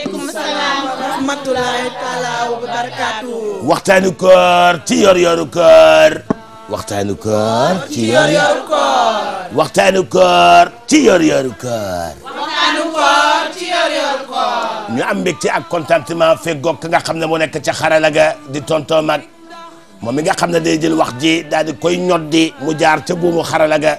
waaleykum salaam wa rahmatulaahi taala wa barakaatu. waxtaanu koor ci yor-yoru koor. waxtaanu koor ci yor-yoru koor. waxtaanu koor ci yor-yoru koor. waxtaanu koor ci yor-yoru koor. ñu am mbégte ak contentement feggoog ka nga xam ne mu nekk ca xarala ga di tonton mag moom mi nga xam ne day jël wax ji daal di koy ñoddi mu jaar ca buumu xarala ga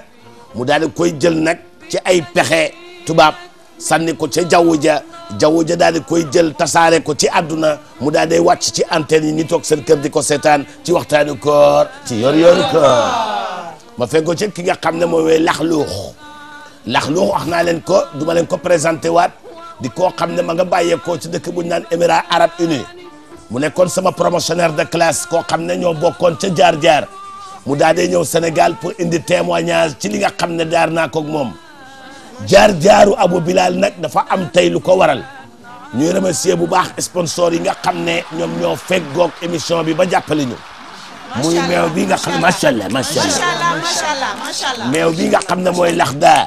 mu daal di koy jël nag ci ay pexe tubaab. sànni ko ca jaww ja jaww ja daal di koy jël tasaare ko ci àdduna mu daal di wàcc ci antenne yi ñu toog seen kër di ko seetaan ci waxtaanu ko ci yor yor koor ma fekk ko ci ki nga xam ne mooy laxluux laxluux wax naa leen ko duma leen ko présenté waat di koo xam ne ma nga bàyyeekoo ci dëkk bu ñu naan Émirats Arabes Unis mu nekkoon sama promotionnaire de classe koo xam ne ñoo bokkoon ca jaar jaar mu daal di ñëw Sénégal pour indi témoignage ci li nga xam ne daar naa koog moom. jaar-jaaru Abu bilaal nag dafa am tey lu ko waral ñuy remercier bu baax sponsor yi nga xam ne ñoom ñoo goog émission bi ba jàppale ñu meew bi nga xam ne macha allah macha allah bi nga xam ne mooy laxdaa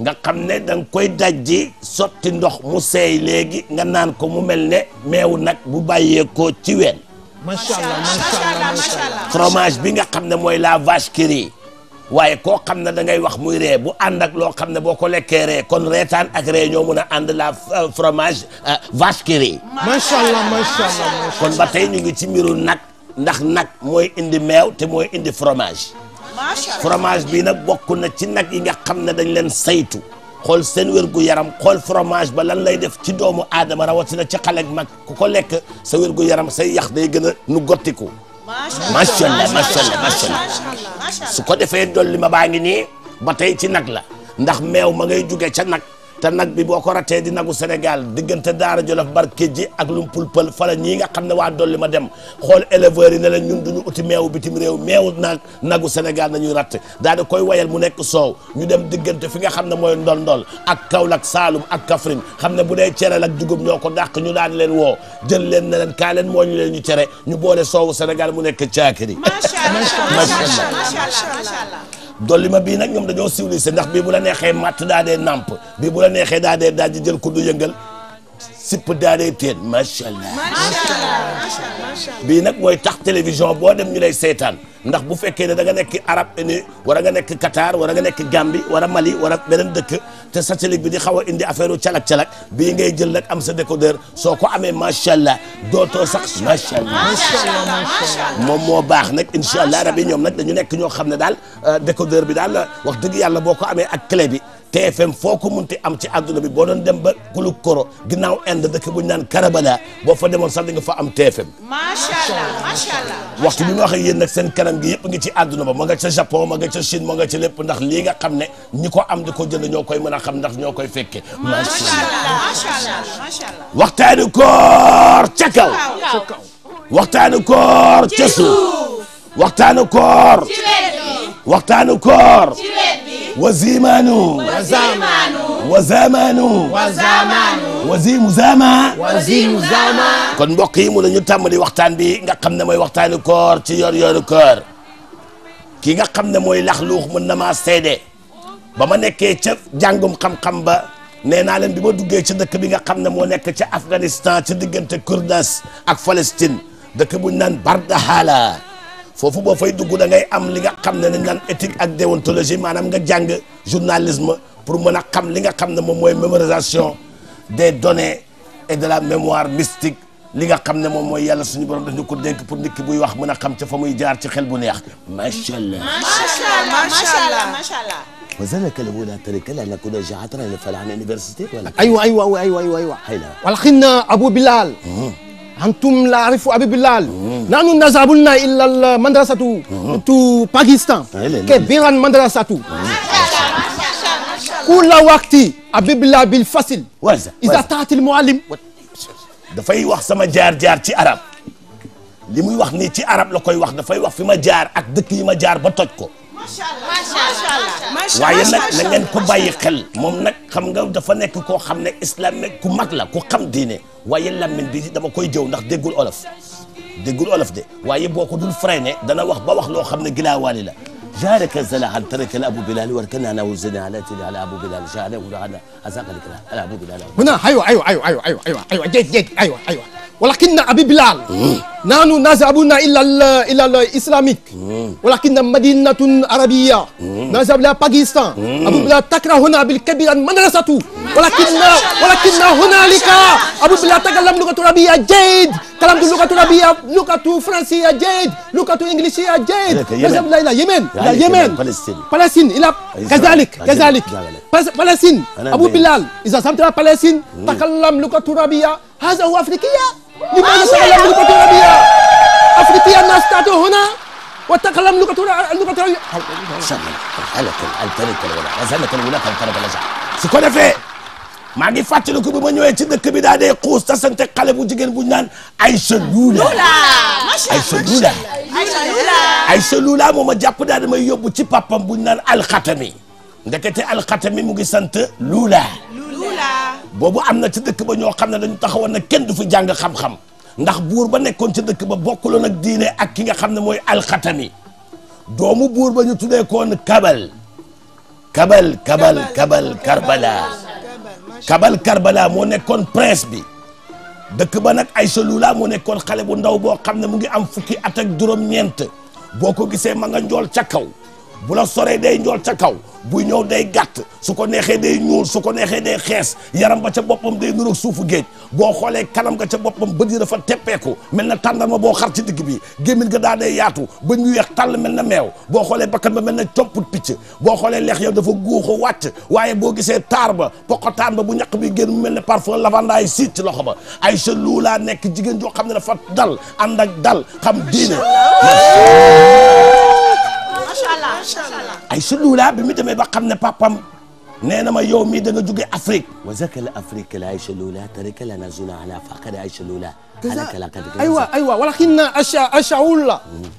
nga xam ne da nga koy dajji sotti ndox mu seey léegi nga naan ko mu mel ne meew nag bu ko ci ween macha allah macha fromage bi nga xam ne mooy la vache qui rit waaye koo xam ne da ngay wax muy ree bu ànd ak loo xam ne boo ko lekkee ree kon reetaan ak ree ñoo mun a ànd la euh, fromage euh, vache qui macha allah macha allah kon ba tey ñu ngi ci mbiru nag ndax nag mooy indi meew te mooy indi fromage. fromage bi nag bokk na ci nag yi nga xam ne dañ leen saytu xool seen wérgu yaram xool fromage ba lan lay def ci doomu aadama rawatina ci xale mag ku ko lekk sa wérgu yaram say yax day gën a nu gottiku macha allah macha allah macha allah su ko defee dolli ma baa ngi nii ba tey ci nag la ndax meew ma ngay juge ca nag tan nag bi boo ko ratee di nagu senegal diggante Daara Jolof barke ji ak lum pulpal fala ñii nga xam ne waa dolli ma dem xool éleveurs yi ne la ñun duñu uti meew bitim réew meewu nag nagu Sénégal nañuy ratt daal di koy wayal mu nekk soow ñu dem diggante fi nga xam ne mooy ndol-ndol ak Kaolack Saalum ak Kaffrine xam ne bu dee cere lak dugub ñoo ko dàq ñu daan leen woo jël leen ne leen kaa leen moo ñu leen ñu cere ñu boole soowu Sénégal mu nekk caakiri. macha allah dool li ma bii nag ñoom dañoo civilisé ndax bii bu la neexee matt daa dee nàmp bii bu la neexee daa dee daal di jël kuddu yëngal sipp daa dee teen macha bii nag mooy tax télévision boo dem ñu lay seetaan ndax bu fekkee ne da nekk Arab Uni war a nga nekk Qatar war a nga nekk Gambie war a Mali war a beneen dëkk te satellite bi di xaw a indi affaire u calak-calak bii ngay jël nag am sa décodeur soo ko amee macha allah dootoo sax macha allah moom moo baax nag incha allah rabi ñoom nag dañu nekk ñoo xam ne daal euh, décodeur bi daal euh, wax dëgg yàlla boo ko amee ak clé bi TFM foo ko munti am ci àdduna bi boo doon dem ba kulu koro ginnaaw Inde dëkk bu naan naan Karabada boo fa demoon sax di nga fa am TFM. macha allah macha allah wax yéen nag seen kanam gi yëpp ngi ci àdduna ba ma nga ca Japon ma nga ca Chine nga ca lépp ndax lii nga xam ne ñi ko am di ko jënd ñoo koy mën a xam ndax ñoo koy fekke macha allah macha koor ca kaw. koor ca suuf. koor. ci waxtaanu koor. ci wet bi. wa ziimaanu. wa zaamaanu. wa zaamaanu. wa zaamaanu. wa ziimu zaama. wa ziimu kon mbokk yi mu ñu tàmbali waxtaan bi nga xam ne mooy waxtaanu koor ci yor-yoru koor ki nga xam ne mooy laxluux mën na maa seede ba ma nekkee ca jàngum xam-xam ba ne naa leen bi ma duggee ca dëkk bi nga xam ne moo nekk ca Afghanistan ci diggante Kurdas ak Palestine dëkk bu ñu naan Bardahala. foofu boo fay dugg da ngay am li nga xam ne dañ naan éthique ak déontologie maanaam nga jàng journalisme pour mën a xam li nga xam ne moom mooy mémorisation des données et de la mémoire mystique li nga xam ne moom mooy yàlla suñu borom dañu ko dénk pour nit ki buy wax mën a xam ca fa muy jaar ci xel bu neex. macha allah macha allah macha allah macha allah. Hmm. وذلك الأولى ترك لأن كنا جعتنا نفعل عن university ولا. أيوة أيوة أيوة أيوة أيوة. والخنا أبو بلال. antum la arifu abibilal nanu nazabulna illal madrasatu tu Pakistan ah, kebiran madrasatu kula wakti abibilal bil fasil iza taati muallim dafay wax sama jaar-jaar ci arab li muy wax nii ci arab la koy wax dafay wax fi ma jaar ak dëkk yi ma jaar ba toj ko waaye nag na ngeen ko bàyyi xel moom nag xam nga dafa nekk koo xam ne islam ku mag la ku xam diine waaye làmmiñ bi dama koy jëw ndax déggul olof déggul olof de waaye boo ko dul freiné dana wax ba wax loo xam ne gilaawaali la جارك الزلاح ترك الابو بلال وركنا انا وزنا على على ابو بلال جعله على ازاق الكلام على ابو بلال هنا ايوه ايوه ايوه ايوه ايوه ايوه جيد جيد ايوه ايوه walakinna abi bilal hmm. nanu nazabuna ila ila l islamique hmm. walakinna madinatun arabia hmm. nazab la pakistan abu bilal takrahuna bil kabira madrasatu walakinna walakinna hunalika abu bilal takallam lugatu arabia jaid kalamtu lugatu arabia lugatu fransia jaid lugatu inglisia jaid nazab la ila yemen ila yemen palestine ila kazalik kazalik palestine abu bilal iza samtala palestine takallam lugatu arabia هذا هو أفريقيا لماذا تغلب اللغة العربية أفريقيا الناس تعطوا هنا وتغلب اللغة اللغة su ko defee maa ngi fàttaliku bi ma ñëwee ci dëkk bi daa dee xuus ta sante xale bu jigéen bu ñu naan Aïcha Lula Aïcha Lula Aïcha Lula moom a jàpp daal damay yóbbu ci papam bu ñu naan alxatami ndekete alxatami mu ngi sant Lula boobu am na ci dëkk ba ñoo xam ne dañu taxawoon ne kenn du fi jàng xam-xam ndax buur ba nekkoon ci dëkk ba bokkuloon nag diine ak ki nga xam ne mooy alxatami doomu buur ba ñu tuddee koon kabal kabal kabal kabal karbala kabal karbala moo nekkoon prince bi dëkk ba nag ay Aysa Lula moo nekkoon xale bu ndaw boo xam ne mu ngi am fukki at ak juróom boo ko gisee ma njool ca kaw bu la soree day njool ca kaw buy ñëw day gàtt su ko neexee day ñuul su ko neexee day xees yaram ba ca boppam day nuroog suufu géej boo xoolee kanam ga ca boppam bët yi dafa teppeeku mel na tàndarma boo xar ci digg bi gémmin nga daa day yaatu ba ñu weex tàll mel na meew boo xoolee bakkan ba mel na comput picc boo xoolee leex yow dafa guuxu wàcc waaye boo gisee taar ba taan ba bu ñaq bi génn mu mel ne parfum lavanda yi siit ci loxo ba ay sa luulaa nekk jigéen joo xam ne dafa dal ànd ak dal xam diine macha allah ay suduulaa bi mu demee ba xam ne papam nee na ma yow mii da nga jóge Afrique. wa zakala Afrique la Aïcha Loula tarika lana zuna ala faqad Aïcha Loula. aywa aywa walakinna asha ashaula hmm.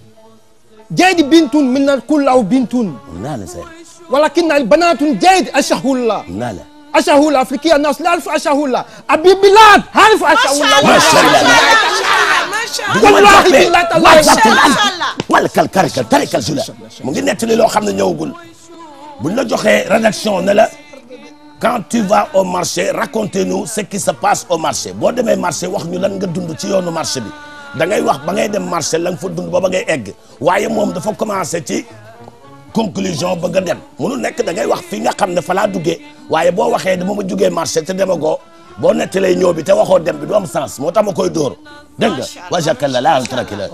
jaydi bintun minna kulla aw bintun. naala sa. walakinna albanatun jaydi ashaula. naala. ashaula afrikiya nas la alfu ashaula abi bilad alfu ashaula. macha allah macha allah. wallaahi billaahi wala kal kari kal tari kal su la mu ngi nettali loo xam ne ñëwagul buñ la joxee rédaction na la quand tu vas au marché racontez-nous ce qui se passe au marché boo demee marché wax ñu lan nga dund ci yoonu marché bi da ngay wax ba ngay dem marché la nga fa dund ba ba ngay egg waaye moom dafa commencé ci conclusion bëgg a dem munu nekk da ngay wax fi nga xam ne fa laa duggee waaye boo waxee dama ma jugee marché te demagoo boo nettalee ñëw bi te waxoo dem bi du am moo tax ma koy dóor dégg nga wajaka la laal traki la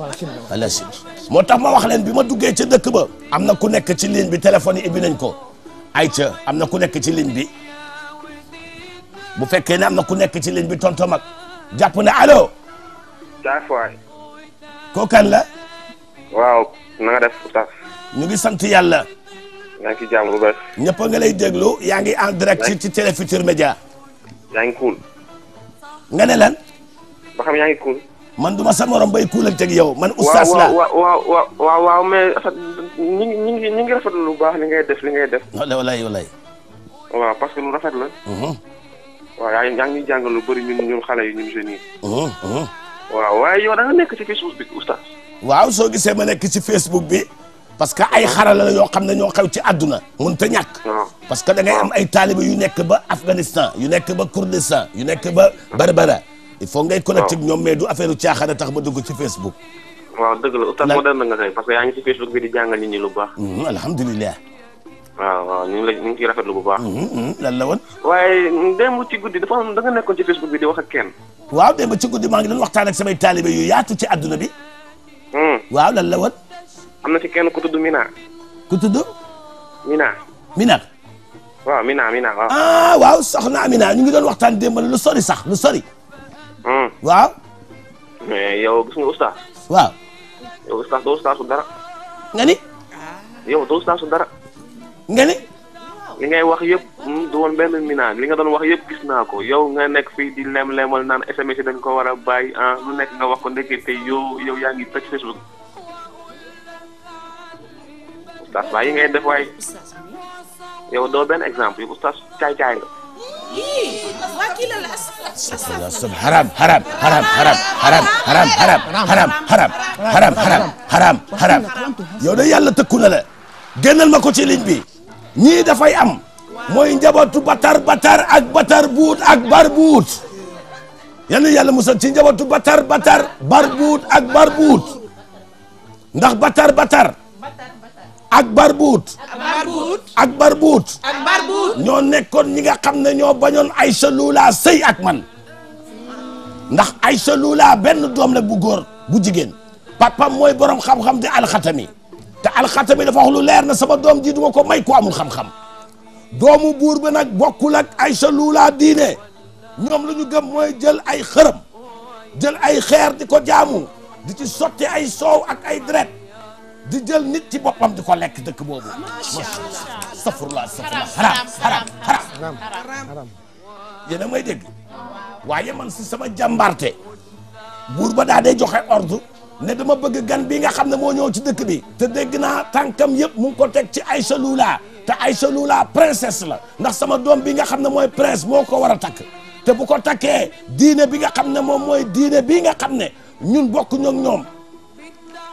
ala si moo tax ma wax leen bi ma duggee ca dëkk ba am na ku nekk ci ligne bi téléphone yi ibbi ko ay ca am na ku nekk ci ligne bi bu fekkee ne am na ku nekk ci ligne bi tonto mag jàpp na alo daafoay koo kan la waaw ngi sant yàlla yaa ngi ci jàmm nga lay déglu yaa ngi en direct ci Télé Futurs Médias yaa ngi kuul. nga ne lan. ba xam yaa ngi kuul. man du ma sa morom bay kuul ak teg yow. man oustaz la waaw waaw waaw waaw mais ñi ngi ñi ngi ñi lu baax ni ngay def li ngay def. walaay walaay. waaw parce que lu rafet la. Mm-hmm. waaw yaay ngi yaa ngi jàngal lu bëri ñun xale yi ñun jeunes yi. Mm-hmm, mm-hmm. waaw waaye yoo da nekk ci Facebook bi oustaz. waaw soo gisee ma nekk ci Facebook bi. parce que ay xarala la yoo xam ne ñoo xew ci àdduna mun te ñàkk parce que am ay taalibe yu nekk ba Afghanistan yu nekk ba Kurdistan yu nekk ba Barbara il faut ngay connecté ñoom mais du affaire u tax ma dugg ci Facebook waaw dëgg la oustaz moo daan nga tey parce que yaa ngi ci Facebook bi di jàngal nit ñi lu baax hmm, alhamdulilah waaw waaw ñu hmm, hmm, waaye démb ci guddi dafa am da nga nekkoon ci Facebook bi di wax ak kenn waaw démb ci guddi maa ngi doon waxtaan ak samay taalibe yu yaatu ci àdduna bi waaw lan la woon am na ci kenn ku tudd Mina. ku tudd. waaw Mina Mina waaw. ah waaw soxna Mina ñu ngi doon waxtaan démb lu sori sax lu sori. Hmm. waaw. mais yow gis nga oustaz. waaw. yow oustaz doo oustaz dara. nga ni. yow doo dara. nga ni. li wax yëpp hmm, du woon benn Mina li nga doon wax yëpp gis naa ko yow nga nekk fii di lem lemal naan SMS dañ ko war a bàyyi ah lu nekk nga wax ko ndekete yow yow yaa ngi tëj Facebook. oustaz bàyyi ngay def waaye yow doo benn exemple yow oustaz caay caay nga. sëb haram haram haram haram haram haram haram haram haram haram haram yow de yàlla tëkku na la génnal ma ko ci ligne bi ñii dafay am mooy njabootu batar batar ak batar buut ak bar buut yal na yàlla musal ci njabootu batar batar bar buut ak bar buut ndax batar batar ak barbuut ak barbuut ak barbuut ñoo nekkoon ñi nga xam ne ñoo bañoon ay Aysa Lula sey ak man ndax ay Aysa Lula benn doom la bu góor bu jigéen papam mooy borom xam-xam di alxatami te alxatami dafa wax lu leer na sama doom ji duma ko may ko amul xam-xam doomu buur bi nag bokkul ak Aysa Lula diine ñoom lu ñu gëm mooy jël ay xërëm jël ay xeer di ko jaamu di ci sotti ay soow ak ay deret di jël nit ci boppam di ko lekk dëkk boobu. macha allah safurla haram haram haram haram yéen a may dégg waaye man si sama jàmbarte buur ba daa day joxe ordre ne dama bëgg gan bi nga xam ne moo ñëw ci dëkk bi te dégg naa tànkam yëpp mu ko teg ci ay Lula te ay Lula princesse la ndax sama doom bi nga xam ne mooy prince moo ko war a takk te bu ko takkee diine bi nga xam ne moom mooy diine bi nga xam ne ñun bokk ñoog ñoom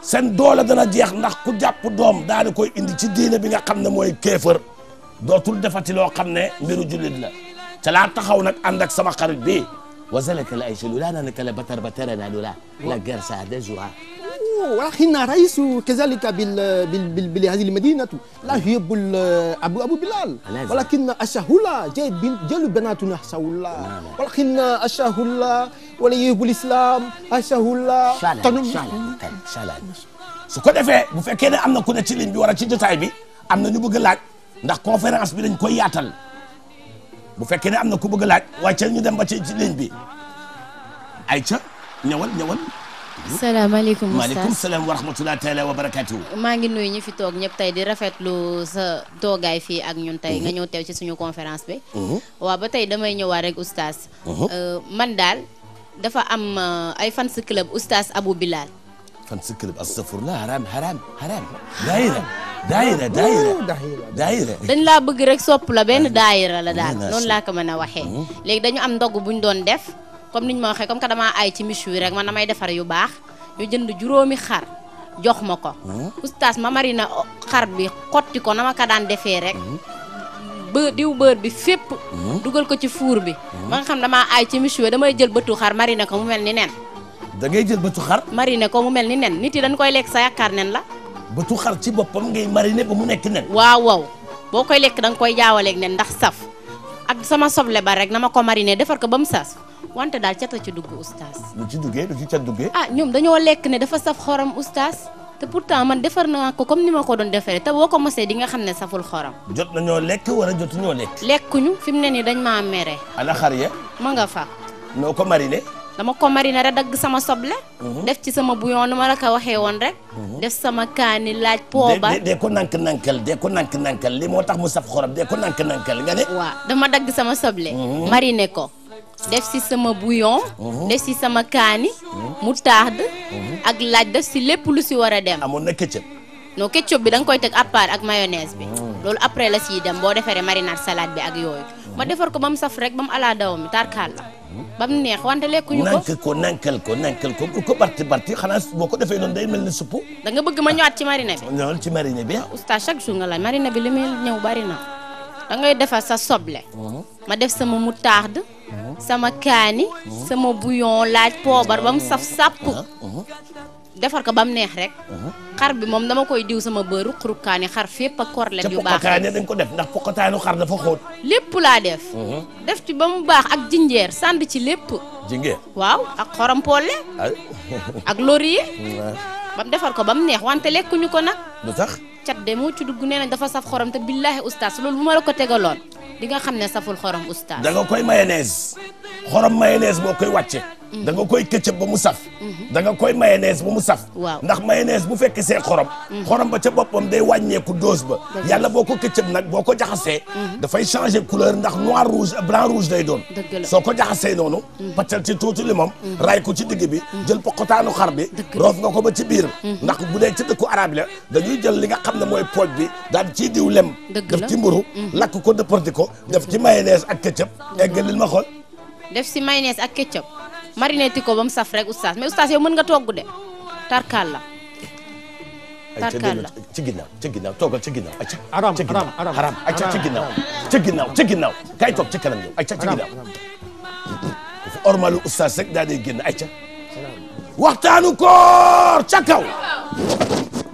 seen doole dana jeex ndax ku jàpp doom daa koy indi ci diina bi nga xam ne mooy kéefër dootul defati loo xam ne mbiru jullit la ca laa taxaw nag ànd ak sama xarit bi وزلك الأجل لا نتلبتر بترنا لا لا جرس أدزها ونحن رئيس كذلك بال بال بهذه المدينة لا يحب أبو أبو بلال ولكن الشهولة جل بناتنا شهولة ولكن الشهولة ولا يحب الإسلام الشهولة شالا شالا شالا su ko defee bu fekkee ne am na ku ne ci ligne bi war a ci jotaay bi am na ñu bëgg laaj ndax conférence bi dañ koy yaatal bu fekkee ne am na ku bëgg laaj wàccal ñu dem ba ci ci ligne bi ayca ñëwal ñëwal. salaamaaleykum salaam wa rahmatulah maa ngi nuyu ñi fi toog ñëpp tey di rafetlu sa toogaay fii ak ñun tey nga mhm. ñëw teew ci suñu conférence bi. Mhm. waa ba tey damay ñëwaat rek ustaas. Mhm. Euh, man daal dafa am euh, ay fans club ustaas Abou Bilal. فانس كلب astafurlah haram haram haram daayira daayira daayira dañ laa bëgg rek sopp la benn daayira la daal noonu laa ko mën a waxee léegi dañu am ndog buñ doon def comme ñu ma waxee comme que damaa ay ci michu yi rek man damay defar yu baax ñu jënd juróomi xar jox ma ko hmm. oustaz ma marina oh, xar bi xotti ko na ma ko daan defee rek hmm. bë diw bi fépp hmm. dugal ko ci fuur bi ba nga xam damaa ay ci michu damay jël bëtu xar marina ko mu mel ni nen da ngay jël bëtu xar. mariner ko mu mel ni nen nit yi dañ koy lekk sa yaakaar nen la. bëtu xar ci boppam ngay mariner ba mu nekk nen. waaw waaw boo koy lekk danga koy jaawaleeg nen ndax saf ak sama soble ba rek na ma ko mariner defar ko ba mu sas wante daal cata ci dugg oustaz. lu ci duggee lu ci cat ah ñoom dañoo lekk ne dafa saf xorom oustaz. te pourtant man defar naa ko comme ni ma ko doon defaree te boo ko mosee di nga xam ne saful xoram. jot ñoo lekk wala jotuñoo lekk. lekkuñu fi mu ne nii dañ maa mere. ana xar ya. ma nga fa. noo ko mariné. dama ko mariner rek dagg sama soble. Mhm. def ci sama bouillon nu ma la ko waxee woon rek. Mhm. def sama kaani laaj pooba. de de ko nank nankal de nank nankal li moo tax mu saf xorom de ko nank nankal nga ne. waaw dama dagg sama soble. Mhm. mariner ko. def si sama bouillon. def si sama kaani. moutarde. ak laaj def si lépp lu si war a dem. amoon na ketchup. noo ketchup bi da koy teg à part ak mayonnaise bi. loolu après la siy dem boo defaree marinade salade bi ak yooyu. ma defar ko ba mu saf rek ba mu mi tarkaal la. ba mu neex wante lekk yu nànk ko nànkal ko nànkal ko bu ko barti barti xanaa boo ko defee noonu day mel ni suppu da bëgg ma ñëwaat ci marina bi ñëwal ci marina bi oustaz chaque jour nga laaj marina bi li muy ñëw bari na da ngay defar sa soble mhm. ma def sama moutarde mhm. sama kaani mhm. sama bouillon laaj poobar ba mu saf sàpp defar ko ba mu neex rek. Uh-huh. xar bi moom dama koy diw sama beurre ruqrukaani xar fépp kor korlet yu baax ca dañ ko def ndax poqataanu xar dafa xóot. lépp laa def. Uh-huh. def ci ba mu baax ak jinjeer sànd ci lépp. jinjeer waaw ak xorom poole. ak laurier. ba mu defar ko ba mu neex wante lekkuñu ko nag. lu tax cat de moo ci dugg nee nañ dafa saf xorom te billaahi oustaz loolu bu ma la ko tegaloon di nga xam ne saful xorom oustaz. da nga koy mayonnaise xorom mayonnaise boo koy wàcce. Mhm. da nga koy këccëb ba mu saf mhm. da nga koy mayonnaise ba mu saf waaw ndax mayonnaise bu fekk see xorom mhm. xorom ba ca boppam day wàññeeku dose ba yàlla boo ko këccëb nag boo ko jaxasee dafay changer couleur ndax noir rouge blanc rouge day doon soo ko jaxasee noonu paccal ci tuuti limam raay ko ci digg bi jël poqotaanu xar bi roof nga ko ba ci biir ndax bu dee ci dëkku arab la dañuy jël li nga xam ne mooy pooj bi daal ciy diw lem def ci mburu lakk ko dëpparti ko def ci mayonnaise ak këccëb eggalil ma xool def si mayonnaise ak ketchup marinetti ko ba mu saf rek oustaz mais oustaz yow mën nga togg de tarkaal la tarkaal la ci ginnaaw ci ginnaaw toogal ci ginnaaw ayca aram aram aram ayca ci ginnaaw ci ginnaaw ci kay toog ci kanam yow ayca ormalu oustaz rek daa day génn ayca waxtaanu koor ca kaw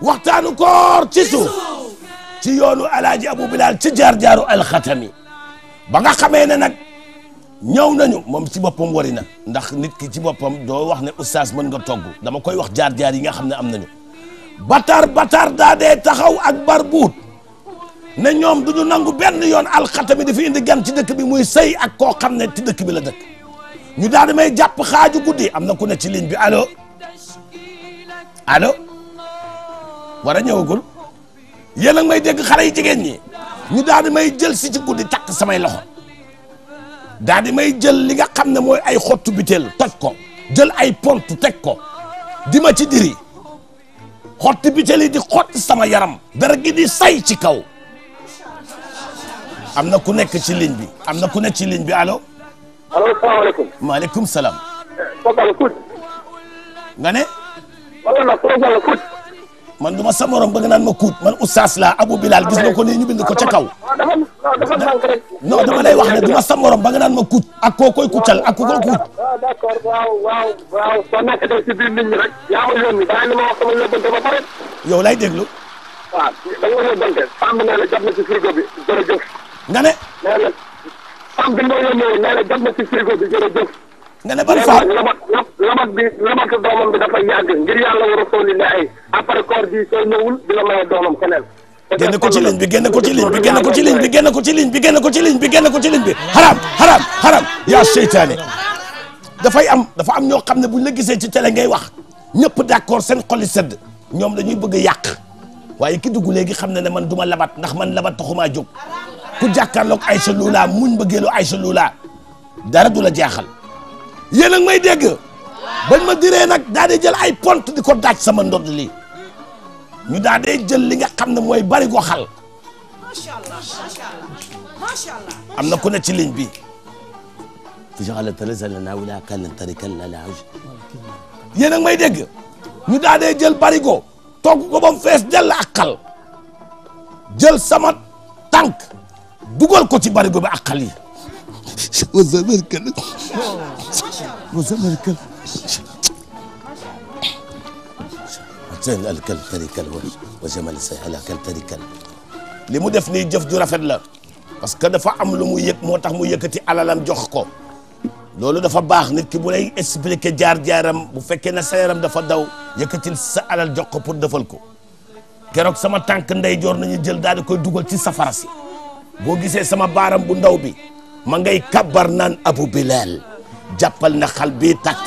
waxtaanu koor ci suuf ci yoonu alaaji abou bilal ci jaar jaaru alxatami ba nga xamee ne nag ñëw nañu moom ci boppam wari na ndax nit ki ci boppam doo wax ne oustaz mën nga togg dama koy wax jaar-jaar yi nga xam ne am nañu batar batar daa dee taxaw ak bar buut ne ñoom du ñu nangu benn yoon alxata mi dafa indi gan ci dëkk bi muy say ak koo xam ne ci dëkk bi la dëkk ñu daal may jàpp xaaju guddi am na ku ne ci ligne bi allo allo war a ñëwagul yéen may dégg xale yi jigéen ñi ñu daal may jël si ci guddi takk samay loxo daa di may jël li nga xam ne mooy ay xottu biteel toj ko jël ay pont teg ko di ma ci diri xotti biteel yi di xotti sama yaram dara gi di say ci kaw am na ku nekk ci liñ bi am na ku nekk ci ligne bi allo. allo salaamaaleykum. maaleykum salaam. Fapal Fouta. nga ne. wala nag Fapal Fouta. man du ma sa ba nga naan ma kuut man oustaz la Abu Bilal gis nga ko nii ñu bind ko ca kaw. non dama lay wax ne du ma sa ba nga naan ma kuut ak koo koy ak ku koy kuut. d'accord waaw waaw waaw soo ma yónni na jot na ci frigo bi jërëjëf. nga ne. nee na nga lebal sa labat labat a sooli ne ay après koor bi soo ko ci ligne bi génn ko ci ligne bi génn ko ci ligne bi génn ko ci ligne bi génn ci ligne bi génn ko ci yaa seytaane dafay am dafa am ñoo xam ne buñ la gisee ci télé ngay wax ñëpp d'accord seen xoli sedd ñoom dañuy bëgg a yàq waaye ki dugg léegi xam na ne man du ma labat ndax man labat taxumaa jóg ku jàkkaarloog Aïcha Lula muñ ay Aïcha Lula dara du la jaaxal yéen a may dégg bañ ma diree nag daa jël ay pont di ko daaj sama ndodd li ñu daa dee jël li nga xam ne mooy barigo ko xal am na ku ne ci ligne bi yéen a ngi may dégg ñu daa dee jël bari ko togg ko ba mu fees dell ak xal jël sama tànk dugal ko ci bari bi ak والزمركل والزمركل teel alkal tarikal wa jamal say li mu def nii jëf ju rafet la parce que dafa am lu mu yëg moo tax mu yëkkati alalam jox ko loolu dafa baax nit ki bu lay expliquer jaar-jaaram bu fekkee na sa yaram dafa daw yëkkatil sa alal jox ko pour defal ko keroog sama tànk ndeyjoor nañu jël daal di koy dugal ci safara si boo gisee sama baaram bu ndaw bi ma ngay kabbar naan abu bilal jàppal na xal bi takk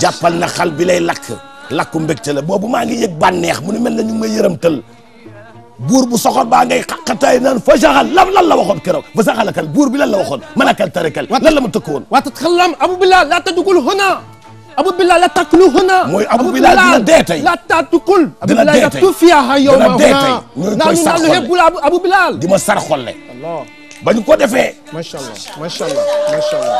jàppal na xal bi lay lakk lakku mbégte la boobu maa ngi yëg bànneex mu ne mel na ñu ngi may yërëmtal buur bu soxor baa ngay xaqataay naan fa saxal lan lan la waxoon keroog fa saxalakal buur bi lan la waxoon malakal tarakal lan la ma tëkk woon waatat xalam abu bilal laa tadukul huna abu bilal la taklu huna mooy abu bilal dina dee tey la tatukul dina dee tey dina dee tey ñu ngi koy sarxolle dina dee tey di ma sarxolle ba bañ ko defee. macha allah macha allah macha allah.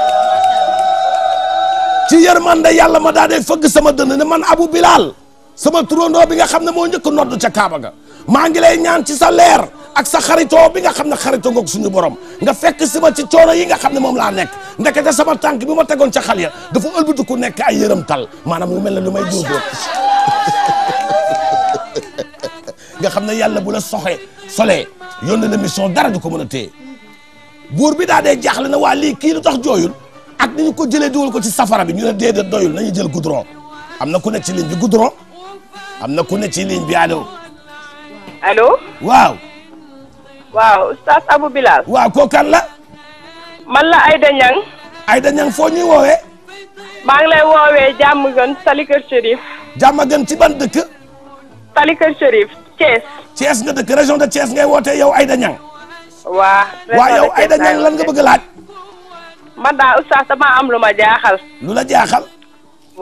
ci yërmande yàlla ma daa dee fëgg sama dënn ne man Abu Bilal sama turandoo bi nga xam ne moo njëkk nodd ca Kaaba ga maa ngi lay ñaan ci sa leer ak sa xaritoo bi nga xam ne xaritoo nga suñu borom nga fekk si ma ci coono yi nga xam ne moom laa nekk ndekete sama tànk bi ma tegoon ca xal ya dafa ëlbatu ku nekk ay yërëm tal maanaam mu mel ne lu may dóor nga xam ne yàlla bu la soxee solee yónnee la mission dara ko mën a téye. buur bi daa dee jaaxle na waa lii kii lu tax jooyul ak ni ñu ko jëlee dugal ko ci safara bi ñu ne déedéet doyul ñu jël goudron am na ku nekk ci ligne bi goudron am na ku nekk ci ligne bi allo. allo. waaw. waaw Oustaz Abou Bilal. waaw kooku kan la. man la Aïda Niang. Aïda foo ñuy woowee. maa ngi lay woowee jàmm gën Tali Kër Chérif. jàmm gën ci ban dëkk. Tali Kër Chérif Thiès. Thiès nga dëkk région de Thiès ngay te yow Aïda Niang. waa waaw yow Aida Niang lan nga bëgg laaj man daal oustaz dama am lu ma jaaxal lu la jaaxal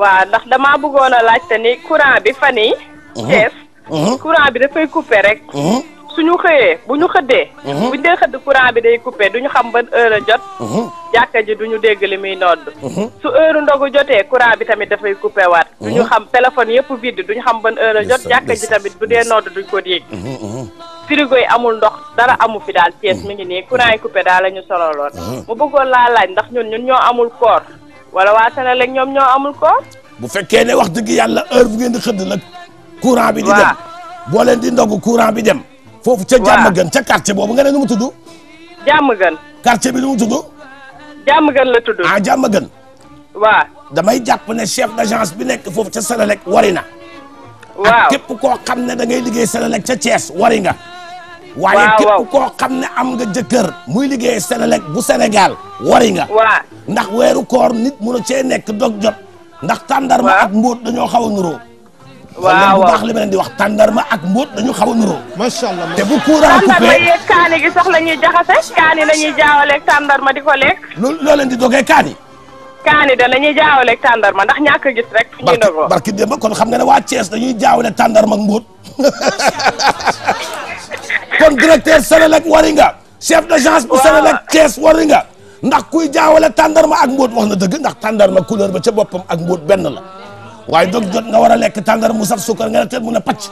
waaw ndax damaa bëggoon a laajte ni courant bi fan yi mhm. mhm. courant bi dafay coupé rek mhm. su ñu xëyee bu ñu xëddee. Mhm. bu ñu dee xëdd courant bi day coupé du ñu xam ban heure jot. Mhm. jàkka ji du ñu dégg li muy nodd. Mhm. su heure ndogu jotee courant bi tamit dafay coupé waat. du ñu xam téléphone yëpp vide du ñu xam ban heure jot jàkka ji tamit bu dee nodd duñ ko dégg. frigo yi amul ndox dara amu fi daal Thiès mi ngi nii courant yi coupé daal la ñu sololoon. mu bëggoon laa laaj ndax ñun ñun ñoo amul koor wala waa Sénégal ñoom ñoo amul koor. bu fekkee ne wax dëgg yàlla heure bu ngeen di xëdd nag. courant bi di dem boo leen bi dem foofu ca jàmm gën ca quartier boobu nga ne nu mu tudd jàmm gën quartier bi nu mu tudd jàmm gën la tudd ah, damay jàpp ne chef d'agence bi nekk foofu ca Senelec wari na waaw ak képp koo xam ne da ngay liggéey Senelec ca Thiès wari nga waaye képp koo xam ne am nga jëkkër muy liggéey Senelec bu Sénégal wari nga ndax weeru koor nit a cee nekk dog jot ndax ma ak mbóot dañoo xaw a nuroo waaw bu baax li ma leen di wax tàndarma ak mbóot dañu xaw a nuroo. macha allah te bu courant coupé la ñuy jaxase. kaani la ñuy jaawaleeg tàndarma di ko lekk. loolu loo leen di dogee kaani. kaani da la ñuy jaawaleeg tàndarma ndax ñàkk gis rek. fu ñuy dogoo barki démb kon xam nga ne waa Thiès dañuy jaawale tàndarma ak mbóot. kon directeur Sénélec wari nga. chef d'agence bu Sénélec Thiès wari nga. ndax kuy jaawale tàndarma ak mbóot wax na dëgg ndax tàndarma couleur ba ca boppam ak mbóot benn la waaye dog jot nga war a lekk tàngar mu saf suukar nga ne te mun a pàcc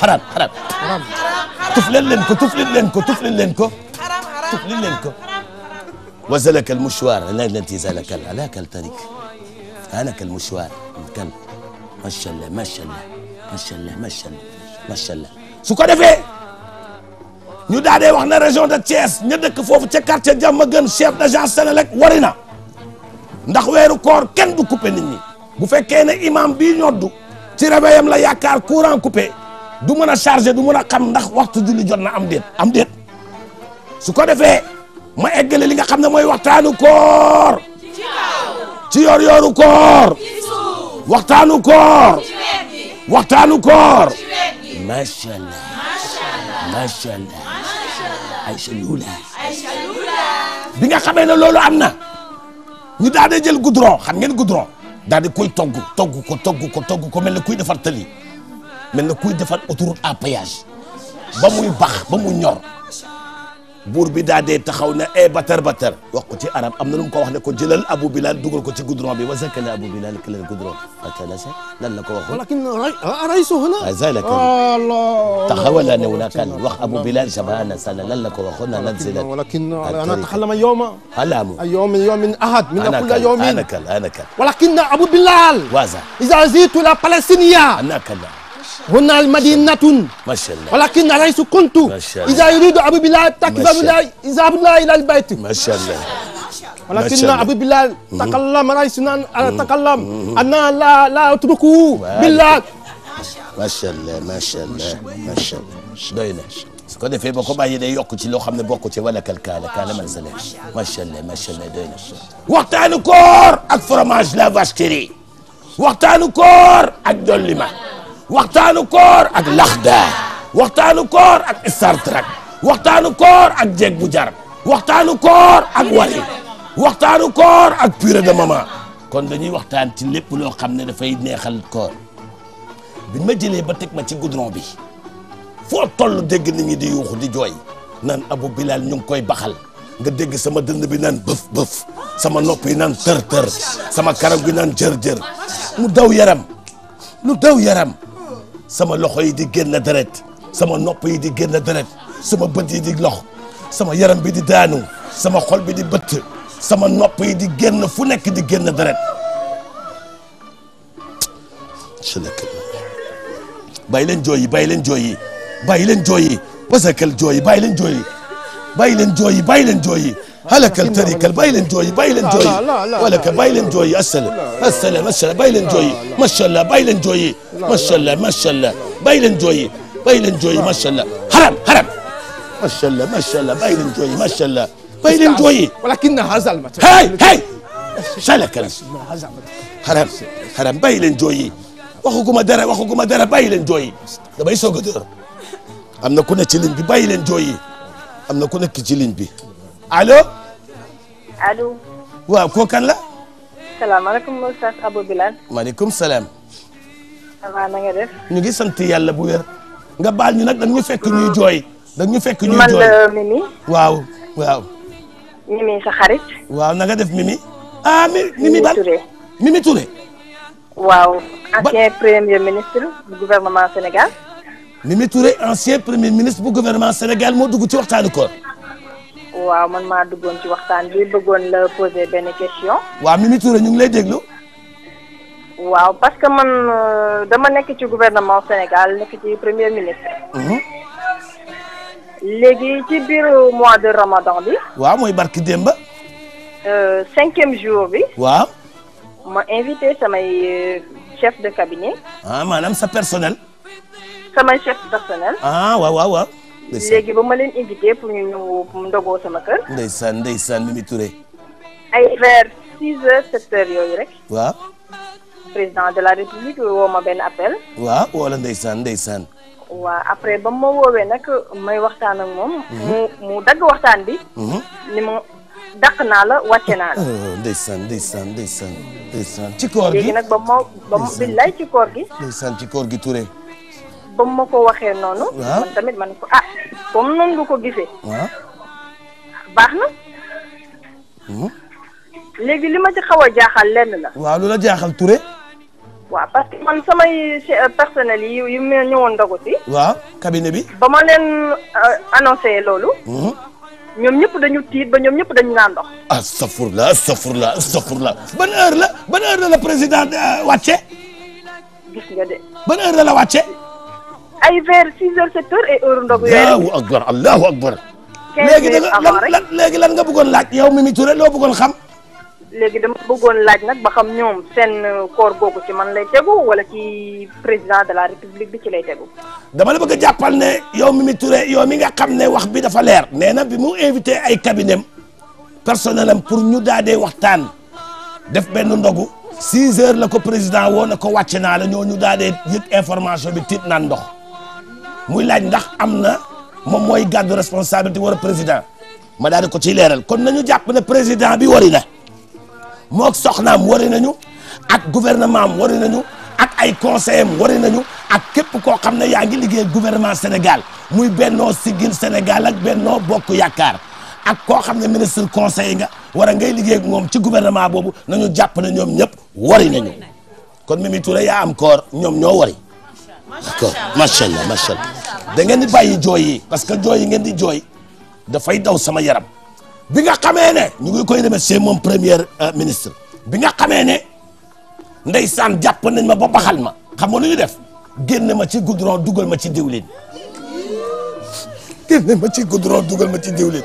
xaraam xaraam tuflil leen ko tuflil leen ko tuflil leen ko tuflil leen ko wa zalaka almushwaar allati zalaka alaka altarik alaka almushwaar alkalb macha allah macha allah macha allah macha allah macha allah su ko defee ñu daa dee wax na région de Thiès ña dëkk foofu ca quartier Diamaguène chef d'agence Senelec wari na ndax weeru koor kenn du coupé nit ñi bu fekkee ne imam bii ñoddu ci réveillam la yaakaar courant coupé du mën a chargé du mën a xam ndax waxtu julli jot na am déet am déet ko defee ma eggale li nga xam ne mooy waxtaanu koor ci kaw ci yor yooru koor waxtaanu koor ci allah macha allah bi nga xamee ne loolu am na ñu daal di jël goudron xam ngeen goudron daal di koy togg togg ko togg ko togg ko mel na kuy defar tali mel na kuy defar autoroute à ba muy bax ba mu ñor buur bi daa dee taxaw ne e batar batar wax ko ci arab am na lu mu ko wax ne ko jëlal abu bilal dugal ko ci goudron bi wasakala abu bilal kilal goudron fatalasa lan la ko waxoon walakin araysu huna zalika taxawala ne wulakan wax abu bilal shabana sala lan la ko waxoon na nazilat walakin ana taxallama yowma alamu yowm yowmin ahad min kulli yowmin anakal anakal walakin abu bilal waza iza zitu la palestinia anakal هن المدينة ما شاء الله ولكن حيث كنت إذا يريد أبو بلال تكفى إذهب إلى البيت ما شاء الله ولكن أبو بلال تكلم رئيس أنا تكلم أنا لا لا أتركه بالله ما شاء الله ما شاء الله ما شاء الله doy na su ko defee boo ko bàyyi day yokk ci loo xam ne bokk ci wala kaala kaala man sa leen macha allah macha allah doy na waxtaanu koor ak fromage la vache qui rit waxtaanu koor ak dollima waxtaanu koor ak laxda waxtaanu koor ak startrak waxtaanu koor ak jeeg bu jar waxtaanu koor ak wari waxtaanu koor ak purée de maman kon dañuy waxtaan ci lépp loo xam ne dafay neexal koor biñ ma jëlee ba teg ma ci goudron bi foo toll dégg nit ñi di yuuxu di jooy naan Abu Bilal ñu ngi koy baxal nga dégg sama dënd bi naan bëf bëf sama nopp yi naan tër tër sama karam gi naan jër jër mu daw yaram lu daw yaram sama loxo yi di génna deret sama nopp yi di génn deret sama bët yi di lox sama yaram bi di daanu sama xol bi di bëtt sama nopp yi di génn fu nekk di génn deret bàyyi leen jooy yi bàyyi leen jooy yi bàyyi leen jooy yi wasakal jooy yi bàyyi leen jooy yi bàyyi leen jooy yi bàyyi leen jooy yi halakal tarikal bàyyi leen jooyi bàyyi leen jooyi walaka bàyyi leen jooyi assalam assalam assalam bàyyi leen jooyi macha allah bàyyi leen jooyi macha allah macha allah bàyyi leen jooyi bàyyi leen jooyi macha allah haram haram macha allah macha allah bàyyi leen jooyi macha allah bàyyi leen jooyi. walakinna hazal matal. hey hey. salakal haram haram bàyyi leen jooyi waxuguma dara waxuguma dara bàyyi leen jooyi damay soog a door am na ku ne ci ligne bi bàyyi leen jooyi am na ku nekk ci ligne bi allo. allo. waaw kooku kan la. salaamaaleykum Oustaz Abou Bilal. salaam. ça va na def. ñu ngi sant yàlla bu wér. nga baal ñu nag dañu ñu fekk ñuy mm. jooy. dañu ñu fekk ñuy jooy man la Mimi. waaw waaw. Mimi sa xarit. waaw na nga def Mimi. ah mi Mimi ban Mimi Touré. waaw ancien premier ministre du gouvernement Sénégal. Mimi Touré ancien premier ministre bu gouvernement Sénégal moo dugg ci waxtaanu ko waaw man maa duggoon ci waxtaan bi bëggoon la poser benn question. waaw Mimi Touré ñu ngi lay déglu. waaw parce que man euh, dama nekk ci gouvernement Sénégal nekk ci premier ministre. Mhm. léegi ci biir mois de Ramadan bi. waaw mooy barki Demba. Euh, cinquième jour bi. waaw. ma invité samay euh, chef de cabinet. Ah, maanaam sa personnel. samay chef personnel. Ah, waaw waaw. léegi ba ma leen invité pour ñu ñëw ndogoo sama kër. ndeysaan ndeysaan Mimi Touré. ay vers six heures sept yooyu rek. waa président de la république woo ma benn appel. waaw wala ndeysaan ndeysaan. waa après ba mu ma woowee nag may waxtaan ak moom. Mhm. mu mu dagg waxtaan bi. Mhm. ni ma dàq naa la wàcce naa la. Oh, ndeysaan ndeysaan ndeysaan ndeysaan. ci koor gi léegi nag ba ma ma billaay ci koor gi. ndeysaan ci koor gi Touré. ba mu ma ko waxee noonu. waaw tamit man ko ah comme noonu nga ko gisee. waaw baax na. Hmm? léegi li ma ci xaw a jaaxal lenn la. waaw lu la jaaxal Touré. waaw parce que man samay euh, personnel yi yu ma ñëwoon ndogu si. waaw cabinet bi. ba ma leen euh, annoncé loolu. Hmm? ñoom ñëpp dañu tiit ba ñoom ñëpp dañu naan ndox. astafurla astafurla astafurla ban heure la ban na la la président euh, wàcce. gis nga de. ban heure la la wàcce. ay vers six heures sept heures et heure ndogu yooyu. allahu akbar léegi da nga lan léegi lan nga bëggoon laaj yow Mimi Touré loo bëggoon xam. léegi dama bëggoon laaj nag ba xam ñoom seen koor googu ci man lay tegu wala ci président de la république bi ci lay tegu. dama la bëgg a jàppal ne yow Mimi Touré yow mi nga xam ne wax bi dafa leer nee na bi mu invité ay cabinet personnel am pour ñu daadee waxtaan def benn ndogu. 6 heures la ko président woo na ko wàcc naa la ñoo ñu daadee yëg information bi tiit naan ndox. muy laaj ndax am na moom mooy gàddu responsabilité war a président ma daal di ko ciy leeral kon nañu jàpp ne président bi wari na moog soxnaam wari nañu ak gouvernement am wari nañu ak ay conseil am wari nañu ak képp koo xam ne yaa ngi liggéey gouvernement Sénégal muy bennoo siggil Sénégal ak benno bokk yaakaar ak koo xam ne ministre conseil nga wara ngay liggéey moom ci gouvernement boobu nañu jàpp na ñoom ñëpp wari nañu kon Mimi Touré yaa am koor ñoom ñoo wari d'accord macha allah da ngeen di bàyyi jooy yi parce que jooy yi ngeen di jooy dafay daw sama yaram bi nga xamee ne ñu ngi koy remercier moom premier euh, ministre bi nga xamee ne ndeysaan jàpp nañ ma ba baxal ma xam nga lu ñu def génne ma ci goudron dugal ma ci diwlin génne ma ci goudron dugal ma ci diwlin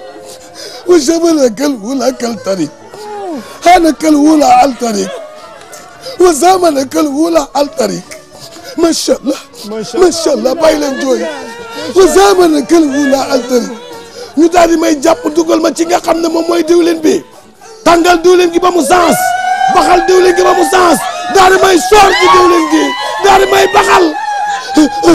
wa jabala kal wula kal tarik xaana kal wula al tarik wa zamana kal wula al tarik macha allah macha allah bàyyi leen jooy wa zamana këlbu laa altari ñu daal may jàpp dugal ma ci nga xam ne moom mooy diwlin bi tàngal diwlin gi ba mu sens baxal diwlin gi ba mu sens daal may soor ci gi daal may baxal